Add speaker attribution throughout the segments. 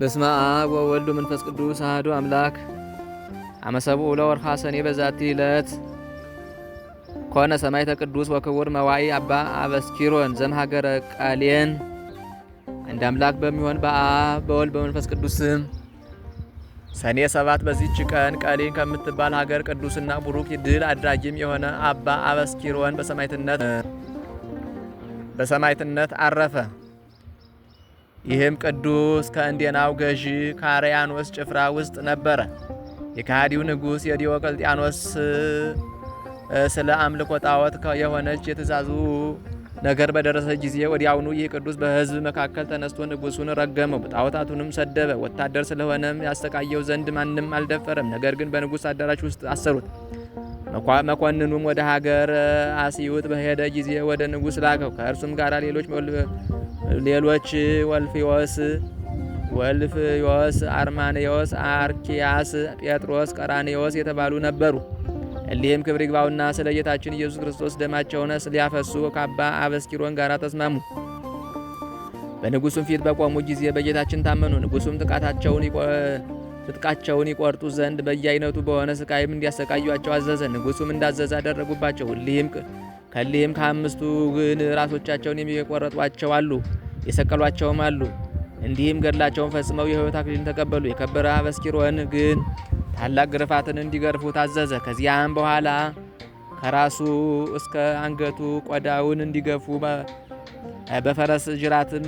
Speaker 1: በስመ አብ ወወልድ መንፈስ ቅዱስ አህዶ አምላክ አመሰቡ ለወርሃ ሰኔ በዛቲ ዕለት ኮነ ሰማይተ ቅዱስ ወክቡር መዋይ አባ አበስኪሮን ዘም ሀገረ ቃሌን። እንደ አምላክ በሚሆን በአብ በወልድ በመንፈስ ቅዱስ ስም ሰኔ ሰባት በዚች ቀን ቃሌን ከምትባል ሀገር ቅዱስና ቡሩክ ድል አድራጊም የሆነ አባ አበስኪሮን በሰማዕትነት በሰማዕትነት አረፈ። ይህም ቅዱስ ከእንዴናው ገዢ ከአርያኖስ ጭፍራ ውስጥ ነበረ። የካህዲው ንጉሥ የዲዮቅልጥያኖስ ስለ አምልኮ ጣዖት የሆነች የትእዛዙ ነገር በደረሰ ጊዜ ወዲያውኑ ይህ ቅዱስ በሕዝብ መካከል ተነስቶ ንጉሱን ረገመው፣ ጣዖታቱንም ሰደበ። ወታደር ስለሆነም ያሰቃየው ዘንድ ማንም አልደፈረም። ነገር ግን በንጉሥ አዳራሽ ውስጥ አሰሩት። መኮንኑም ወደ ሀገር አስዩት በሄደ ጊዜ ወደ ንጉሥ ላከው። ከእርሱም ጋር ሌሎች ሌሎች ወልፊዮስ፣ ወልፍዮስ፣ አርማንዮስ፣ አርኪያስ፣ ጴጥሮስ፣ ቀራንዮስ የተባሉ ነበሩ። እሊህም ክብር ይግባውና ስለ ጌታችን ኢየሱስ ክርስቶስ ደማቸውን ስሊያፈሱ ከአባ አበስኪሮን ጋር ተስማሙ። በንጉሱም ፊት በቆሙ ጊዜ በጌታችን ታመኑ። ንጉሱም ትጥቃቸውን ይቆርጡ ዘንድ በየአይነቱ በሆነ ስቃይም እንዲያሰቃዩቸው አዘዘ። ንጉሱም እንዳዘዘ አደረጉባቸው። እሊህም ከሊህም ከአምስቱ ግን ራሶቻቸውን የሚቆረጧቸው አሉ፣ የሰቀሏቸውም አሉ። እንዲህም ገድላቸውን ፈጽመው የሕይወት አክሊልን ተቀበሉ። የከበረ አበስኪሮን ግን ታላቅ ግርፋትን እንዲገርፉ ታዘዘ። ከዚያም በኋላ ከራሱ እስከ አንገቱ ቆዳውን እንዲገፉ በፈረስ ጅራትም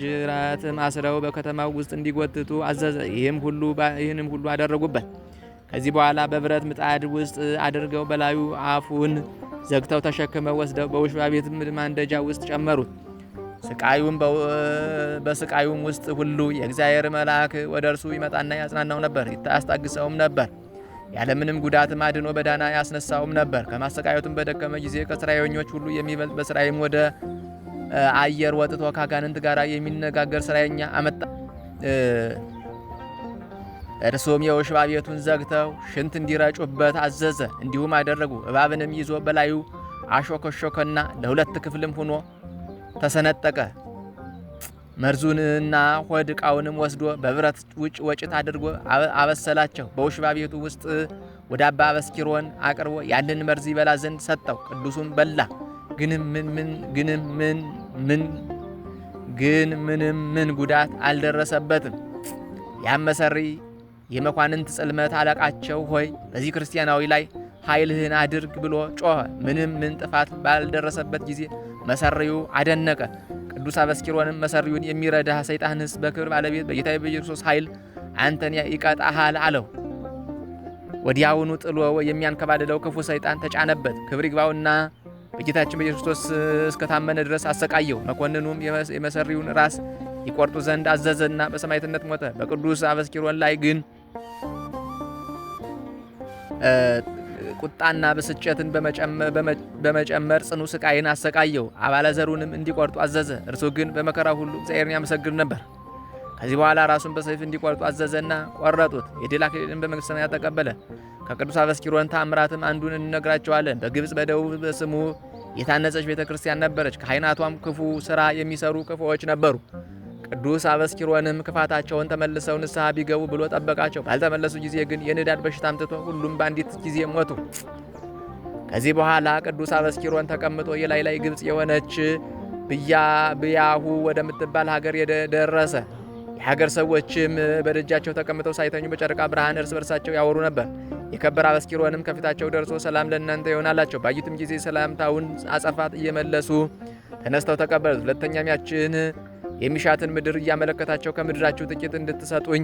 Speaker 1: ጅራትም አስረው በከተማው ውስጥ እንዲጎትቱ አዘዘ። ይህም ሁሉ ይህንም ሁሉ አደረጉበት። ከዚህ በኋላ በብረት ምጣድ ውስጥ አድርገው በላዩ አፉን ዘግተው ተሸክመው ወስደው በውሻ ቤት ማንደጃ ውስጥ ጨመሩት። ስቃዩም በስቃዩም ውስጥ ሁሉ የእግዚአብሔር መልአክ ወደ እርሱ ይመጣና ያጽናናው ነበር፣ ያስታግሰውም ነበር። ያለምንም ጉዳትም አድኖ በዳና ያስነሳውም ነበር። ከማሰቃየቱም በደከመ ጊዜ ከስራዮኞች ሁሉ የሚበልጥ በስራይም ወደ አየር ወጥቶ ካጋንንት ጋር የሚነጋገር ስራየኛ አመጣ። እርሱም የውሽባ ቤቱን ዘግተው ሽንት እንዲረጩበት አዘዘ። እንዲሁም አደረጉ። እባብንም ይዞ በላዩ አሾከሾከና ለሁለት ክፍልም ሆኖ ተሰነጠቀ። መርዙንና ሆድ ዕቃውንም ወስዶ በብረት ውጭ ወጭት አድርጎ አበሰላቸው። በውሽባ ቤቱ ውስጥ ወደ አባ አበስኪሮን አቅርቦ ያንን መርዝ ይበላ ዘንድ ሰጠው። ቅዱሱም በላ። ግንም ምን ምን ግንም ምን ምን ግን ምንም ምን ጉዳት አልደረሰበትም። ያመሰሪ የመኳንንት ጽልመት አለቃቸው ሆይ በዚህ ክርስቲያናዊ ላይ ኃይልህን አድርግ ብሎ ጮኸ። ምንም ምን ጥፋት ባልደረሰበት ጊዜ መሰሪው አደነቀ። ቅዱስ አበስኪሮንም መሰሪውን የሚረዳ ሰይጣንስ በክብር ባለቤት በጌታ በኢየሱስ ኃይል አንተን ይቀጣሃል አለው። ወዲያውኑ ጥሎ የሚያንከባልለው ክፉ ሰይጣን ተጫነበት። ክብር ይግባውና በጌታችን በኢየሱስ እስከታመነ ድረስ አሰቃየው። መኮንኑም የመሰሪውን ራስ ይቆርጡ ዘንድ አዘዘና በሰማዕትነት ሞተ። በቅዱስ አበስኪሮን ላይ ግን ቁጣና ብስጭትን በመጨመር ጽኑ ስቃይን አሰቃየው። አባለ ዘሩንም እንዲቆርጡ አዘዘ። እርሱ ግን በመከራ ሁሉ እግዚአብሔርን ያመሰግን ነበር። ከዚህ በኋላ ራሱን በሰይፍ እንዲቆርጡ አዘዘና ቆረጡት። የድል አክሊልን በመንግሥተ ሰማያት ተቀበለ። ከቅዱስ አበስኪሮን ታምራትም አንዱን እንነግራቸዋለን። በግብፅ በደቡብ በስሙ የታነጸች ቤተ ክርስቲያን ነበረች። ካህናቷም ክፉ ስራ የሚሰሩ ክፉዎች ነበሩ። ቅዱስ አበስኪሮንም ክፋታቸውን ተመልሰው ንስሐ ቢገቡ ብሎ ጠበቃቸው። ባልተመለሱ ጊዜ ግን የንዳድ በሽታ ትቶ ሁሉም በአንዲት ጊዜ ሞቱ። ከዚህ በኋላ ቅዱስ አበስኪሮን ተቀምጦ የላይ ላይ ግብፅ የሆነች ብያሁ ወደምትባል ሀገር የደረሰ የሀገር ሰዎችም በደጃቸው ተቀምጠው ሳይተኙ በጨረቃ ብርሃን እርስ በርሳቸው ያወሩ ነበር። የከበረ አበስኪሮንም ከፊታቸው ደርሶ ሰላም ለእናንተ ይሆናላቸው አላቸው። ባዩትም ጊዜ ሰላምታውን አጸፋት እየመለሱ ተነስተው ተቀበሉት። ሁለተኛም ያችን የሚሻትን ምድር እያመለከታቸው ከምድራችሁ ጥቂት እንድትሰጡኝ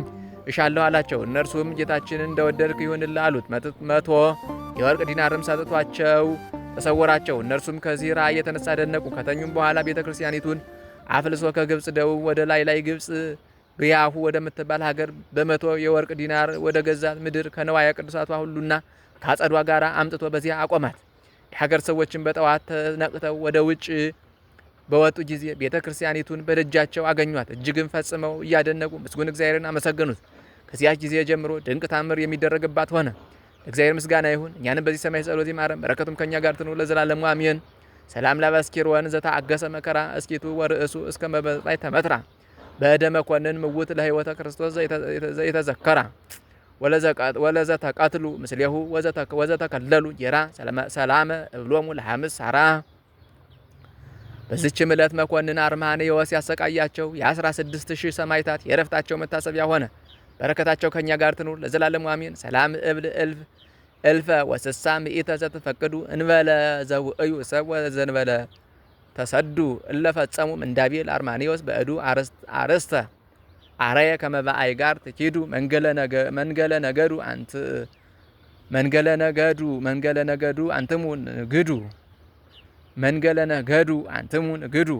Speaker 1: እሻለሁ አላቸው። እነርሱም ጌታችን እንደወደድክ ይሁንልህ አሉት። መቶ የወርቅ ዲናርም ሰጥቷቸው ተሰወራቸው። እነርሱም ከዚህ ራእይ የተነሳ ደነቁ። ከተኙም በኋላ ቤተ ክርስቲያኒቱን አፍልሶ ከግብፅ ደቡብ ወደ ላይ ላይ ግብፅ ሪያሁ ወደምትባል ሀገር በመቶ የወርቅ ዲናር ወደ ገዛት ምድር ከነዋያ ቅዱሳቷ ሁሉና ከአጸዷ ጋር አምጥቶ በዚያ አቆማት። የሀገር ሰዎችን በጠዋት ተነቅተው ወደ ውጭ በወጡ ጊዜ ቤተ ክርስቲያኒቱን በደጃቸው አገኟት። እጅግን ፈጽመው እያደነቁ ምስጉን እግዚአብሔርን አመሰገኑት። ከዚያች ጊዜ ጀምሮ ድንቅ ታምር የሚደረግባት ሆነ። እግዚአብሔር ምስጋና ይሁን። እኛንም በዚህ ሰማይ ጸሎት ይማረን፣ በረከቱም ከእኛ ጋር ትኑር ለዘላለሙ አሜን። ሰላም ላባስኪር ወን ዘታ አገሰ መከራ እስኪቱ ወርእሱ እስከ መበጣይ ተመትራ በእደ መኮንን ምውት ለህይወተ ክርስቶስ ዘይተዘከራ ወለዘ ተቀትሉ ምስሌሁ ወዘተከለሉ ጌራ ሰላመ እብሎሙ ለሐምስ ሳራ በዚችም ዕለት መኮንን አርማን የወስ ያሰቃያቸው የ ስድስት ሺህ ሰማዕታት የዕረፍታቸው መታሰቢያ ሆነ። በረከታቸው ከእኛ ጋር ትኑር ለዘላለም አሜን። ሰላም እብል እልፍ እልፈ ወስሳ ምኢተ ዘተፈቅዱ እንበለ ዘው እዩ ሰብ ዘንበለ ተሰዱ እለፈጸሙ እንዳቤል አርማኔዎስ በእዱ አረስተ አረየ ከመባአይ ጋር ትኪዱ መንገለ ነገዱ አንት መንገለ ነገዱ መንገለ ነገዱ አንትሙ ንግዱ መንገለነ ገዱ አንትሙን ግዱ።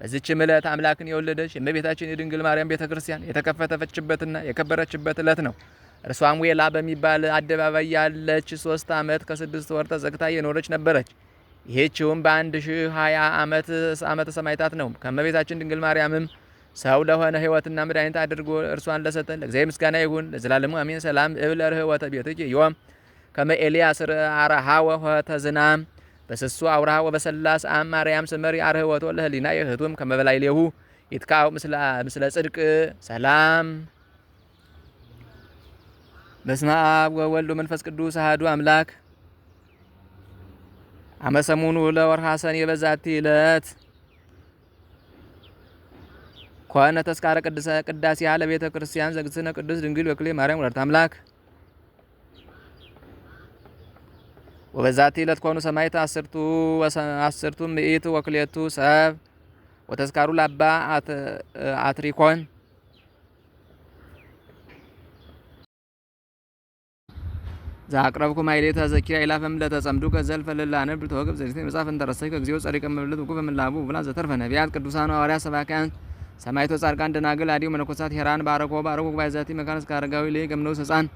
Speaker 1: በዚችም ዕለት አምላክን የወለደች የእመቤታችን የድንግል ማርያም ቤተ ክርስቲያን የተከፈተችበትና የከበረችበት ዕለት ነው። እርሷም ዌላ በሚባል አደባባይ ያለች ሶስት ዓመት ከስድስት ወር ተዘግታ የኖረች ነበረች። ይሄችውም በአንድ ሺህ ሀያ ዓመት ዓመተ ሰማይታት ነው። ከእመቤታችን ድንግል ማርያምም ሰው ለሆነ ሕይወትና መድኃኒት አድርጎ እርሷን ለሰጠ ለእግዚአብሔር ምስጋና ይሁን ለዘላለሙ አሜን። ሰላም እብለ ርህወተ ቤትኪ ዮም ከመ ኤልያስ አርሃወ ሆተ ዝናም በስሱ አውራሃ ወበሰላስ አም ማርያም ስመሪ አርህወቶ ለህሊና የህቱም ከመበላይ ሌሁ ይትካው ምስለ ጽድቅ ሰላም በስመ አብ ወወልድ መንፈስ ቅዱስ አህዱ አምላክ አመሰሙኑ ለወርሃ ሰኔ በዛቲ ዕለት ኮነ ተስካረ ቅዳሴ ለቤተ ክርስቲያን ዘግዝእነ ቅዱስ ድንግል ወክሌ ማርያም ወላዲተ አምላክ ወበዛቲ ዕለት ኮኑ ሰማዕት አስርቱ ምእት ወክሌቱ ሰብ ወተስካሩ ላባ አትሪኮን ዘአቅረብኩ ማይሌተ ዘኪራ ኢላፈም ለተጸምዱ ከዘልፈ ለላነብ ተወግብ ዘዚህ መጻፍ እንተረሰይ ከግዚኦ ጸሪቀ መብለት ወቁ በምላቡ ብላ ዘተርፈ ነቢያት ቅዱሳን ሐዋርያ ሰባካን ሰማይቶ ጻርቃን ደናግል አዲው መነኮሳት ሄራን ባረኮ ባረኮ ባይዛቲ መካን እስከ አረጋዊ ለይ ገምነው ሰጻን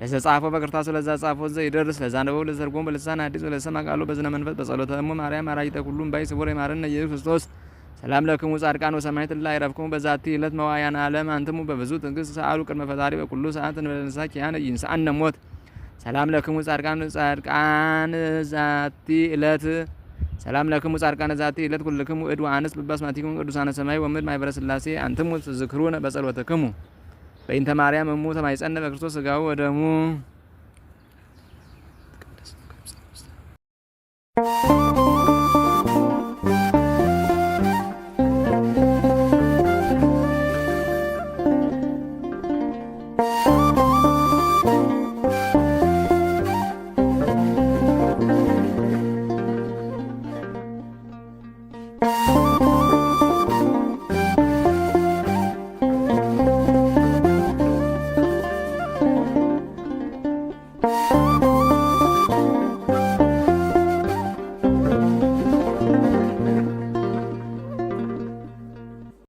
Speaker 1: ለተጻፈው በክርታሱ ለዛ ጻፈው ዘ ይደርስ ለዛ ለዘርጎም በልሳን አዲስ ለሰማ ቃሉ በዝነ መንፈስ በጸሎተ እሙ ማርያም አራጅተ ሁሉም ባይ ስቡር የማረነ ኢየሱስ ክርስቶስ ሰላም ለክሙ ጻድቃን ወሰማዕት ላይ ረፍክሙ በዛቲ ዕለት መዋያን ዓለም አንትሙ በብዙ ትዕግስት ሰአሉ ቅድመ ፈጣሪ በኩሉ ሰዓት እንበለንሳ ኪያነ ይንሳአነ ሞት ሰላም ለክሙ ጻድቃን ጻድቃን ዛቲ ዕለት ሰላም ለክሙ ጻድቃን ዛቲ ዕለት ኩልክሙ እድ ወአንስ ብባስማቲኩም ቅዱሳነ ሰማይ ወምድር ማኅበረ ሥላሴ አንትሙ ትዝክሩነ በጸሎተክሙ በእንተ ማርያም እሙ ተማይጸነ በክርስቶስ ስጋው ወደሙ